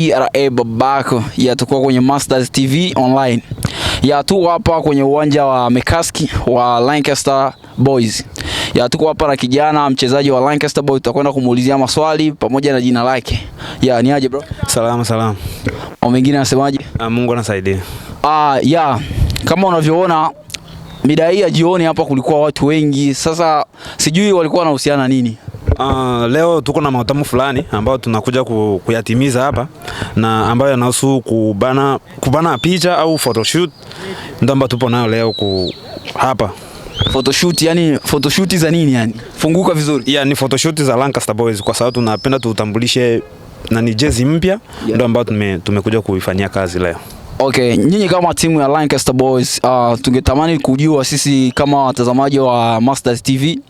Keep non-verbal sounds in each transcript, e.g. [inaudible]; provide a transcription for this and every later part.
ERA Babako ya tukua kwenye Masters TV online ya tu hapa kwenye uwanja wa Mekaski wa Lancaster Boys. Ya tuko hapa na kijana mchezaji wa Lancaster Boys, tutakwenda kumuulizia maswali pamoja na jina lake. Ya ni aje bro? Salama salama. Au mengine anasemaje? Na ah, Mungu anasaidia. Ah, ya kama unavyoona mida hii ya jioni hapa kulikuwa watu wengi. Sasa sijui walikuwa wanahusiana nini. Uh, leo tuko na mautamu fulani ambayo tunakuja ku, kuyatimiza hapa na ambayo yanahusu kubana, kubana picha au photoshoot ndio ambayo tupo nayo leo ku, hapa photoshoot yani, photoshoot za nini yani? Funguka vizuri. Yeah, ni photoshoot za Lancaster Boys kwa sababu tunapenda tutambulishe na ni jezi mpya yeah, ndio ambayo tume, tumekuja kuifanyia kazi leo. Okay, nyinyi kama timu ya Lancaster Boys uh, tungetamani kujua sisi kama watazamaji wa Masters TV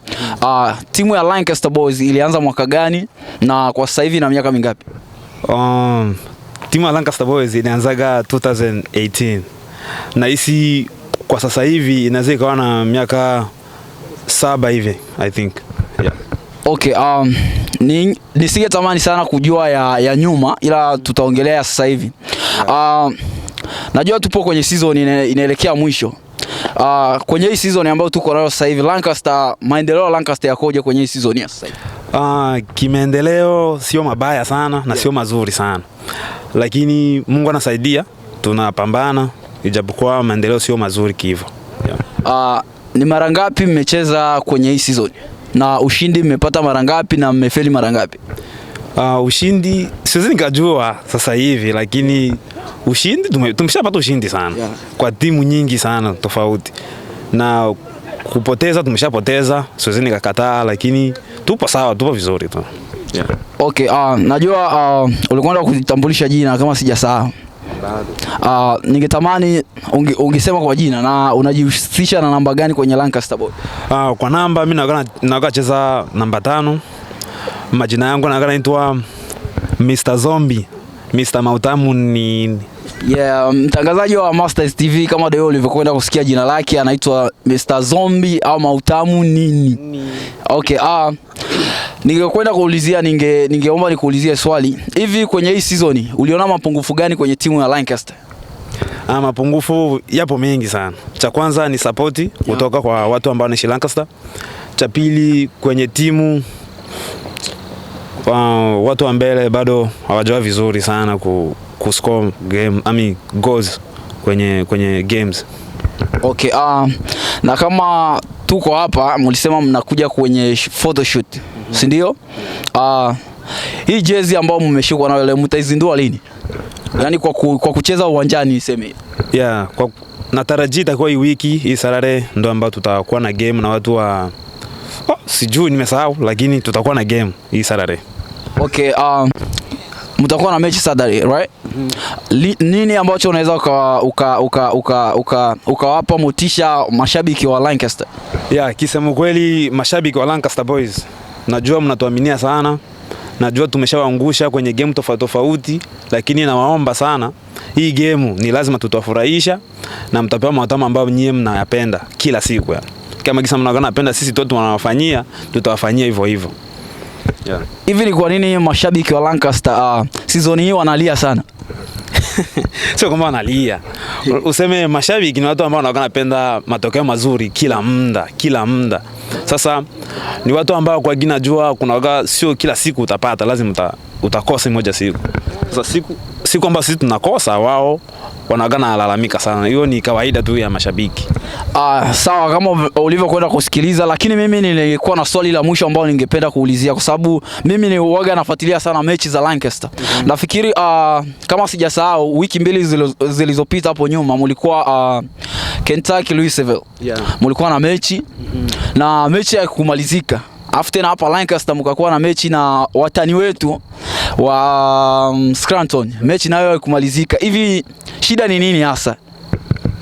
Uh, timu ya Lancaster Boys ilianza mwaka gani na kwa sasa hivi na miaka mingapi? Um, timu ya Lancaster Boys ilianzaga 2018 na hisi kwa sasa hivi inaweza ikawa na miaka saba hivi I think. Yeah. Okay, um, ni tamani sana kujua ya, ya nyuma ila tutaongelea sasa hivi. Yeah. Um, najua tupo kwenye season inaelekea mwisho Uh, kwenye hii season ambayo tuko nayo sasa hivi Lancaster, maendeleo ya Lancaster yakoje kwenye hii season ya sasa hivi? Uh, kimaendeleo sio mabaya sana na sio mazuri sana lakini Mungu anasaidia, tunapambana ijapokuwa maendeleo sio mazuri kivyo. Yeah. Uh, ni mara ngapi mmecheza kwenye hii season na ushindi mmepata mara ngapi na mmefeli mara ngapi? Uh, ushindi siwezi nikajua sasa hivi, lakini ushindi tumeshapata ushindi sana yeah, kwa timu nyingi sana tofauti na kupoteza tumeshapoteza, siwezi nikakataa, lakini tupo sawa, tupo vizuri tu yeah. Okay, uh, najua uh, ah, ulikwenda kujitambulisha jina kama sijasahau. Uh, ningetamani unge, ungesema kwa jina na unajihusisha na namba gani kwenye Lancaster Uh, kwa namba mimi nakaa cheza namba tano Majina yangu naga naitwa Mr. Zombie, Mr. Mautamu ni Yeah, mtangazaji wa Masters TV kama Deo ulivyokwenda kusikia jina lake anaitwa Mr. Zombie au Mautamu nini? nini. Okay, ah ningekwenda kuulizia ninge ningeomba nikuulizie swali. Hivi kwenye hii season uliona mapungufu gani kwenye timu ya Lancaster? Ah, mapungufu yapo mengi sana. Cha kwanza ni sapoti kutoka yeah, kwa watu ambao ni Lancaster. Cha pili kwenye timu watu wa mbele bado hawajawa vizuri sana ku, ku score game ami goals kwenye, kwenye games. Okay, uh, na kama tuko hapa mlisema mnakuja kwenye photoshoot mm -hmm. si ndio? Uh, hii jezi ambayo mmeshikwa nayo leo mtaizindua lini? Yaani kwa, ku, kwa kucheza uwanjani seme. Yeah, kwa natarajia itakuwa hii wiki hii Sarare ndo ambayo tutakuwa na game na watu wa oh, sijui nimesahau, lakini tutakuwa na game hii Sarare. Okay, um, mtakuwa na mechi Saturday, right? Mm -hmm. Nini ambacho unaweza ukawapa uka, uka, uka, uka, uka motisha mashabiki wa Lancaster? Yeah, kisema kweli mashabiki wa Lancaster Boys, najua mnatuaminia sana, najua tumeshawaangusha kwenye game tofauti tofauti, lakini nawaomba sana hii game ni lazima tutawafurahisha na mtapewa matamu ambayo nyie mnayapenda kila siku yani. Kama kisa mnaona napenda sisi tu tunawafanyia, tutawafanyia hivyo hivyo. Hivi yeah. Ni kwa nini mashabiki wa Lancaster uh, season hii wanalia sana? [laughs] Sio kwamba wanalia, useme mashabiki ni watu ambao wanapenda matokeo mazuri kila muda, kila muda. Sasa ni watu ambao kwa jina jua kuna waga, sio kila siku utapata, lazima utakosa moja siku. Sasa siku si kwamba sisi tunakosa, wao wanaagana nalalamika sana. Hiyo ni kawaida tu ya mashabiki. Ah, sawa kama ulivyokwenda kusikiliza, lakini mimi nilikuwa na swali la mwisho ambao ningependa kuulizia kwa sababu mimi ni uoga nafuatilia sana mechi za Lancaster. mm -hmm. Nafikiri ah, kama sijasahau wiki mbili zilizopita hapo nyuma mulikuwa ah, Kentucky Louisville. Yeah. Mulikuwa na mechi mm -hmm. na mechi ya kumalizika. Afu tena hapa Lancaster mkakuwa na mechi na watani wetu wa um, Scranton, mechi nayo kumalizika hivi, shida ni nini hasa?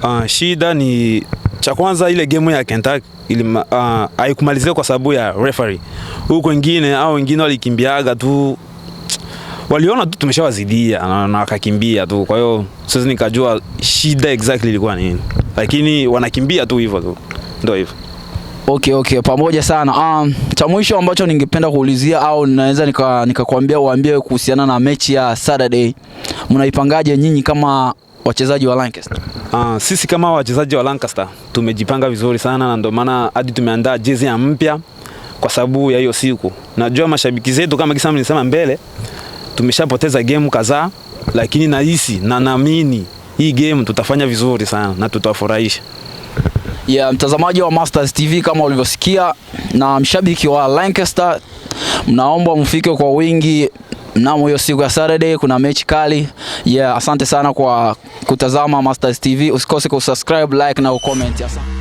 Uh, shida ni cha kwanza ile game ya Kentucky ah, haikumalizika uh, kwa sababu ya referee. Huko wengine au wengine walikimbiaga tu, waliona tu tumeshawazidia na wakakimbia tu, kwa hiyo siwezi nikajua shida exactly ilikuwa nini, lakini wanakimbia tu hivyo tu, ndio hivyo. Okay, okay, pamoja sana. Um, cha mwisho ambacho ningependa kuulizia au naweza nikakwambia nika uambie kuhusiana na mechi ya Saturday, mnaipangaje nyinyi kama wachezaji wa Lancaster? Uh, sisi kama wachezaji wa Lancaster tumejipanga vizuri sana na ndio maana hadi tumeandaa jezi ya mpya kwa sababu ya hiyo siku. Najua mashabiki zetu kama kisa nilisema mbele tumeshapoteza game kadhaa, lakini nahisi na naamini hii game tutafanya vizuri sana na tutawafurahisha ya yeah, mtazamaji wa Masters TV kama ulivyosikia na mshabiki wa Lancaster, mnaomba mfike kwa wingi mnamo hiyo siku ya Saturday, kuna mechi kali ya yeah. Asante sana kwa kutazama Masters TV, usikose kusubscribe, like na ucomment. Asante.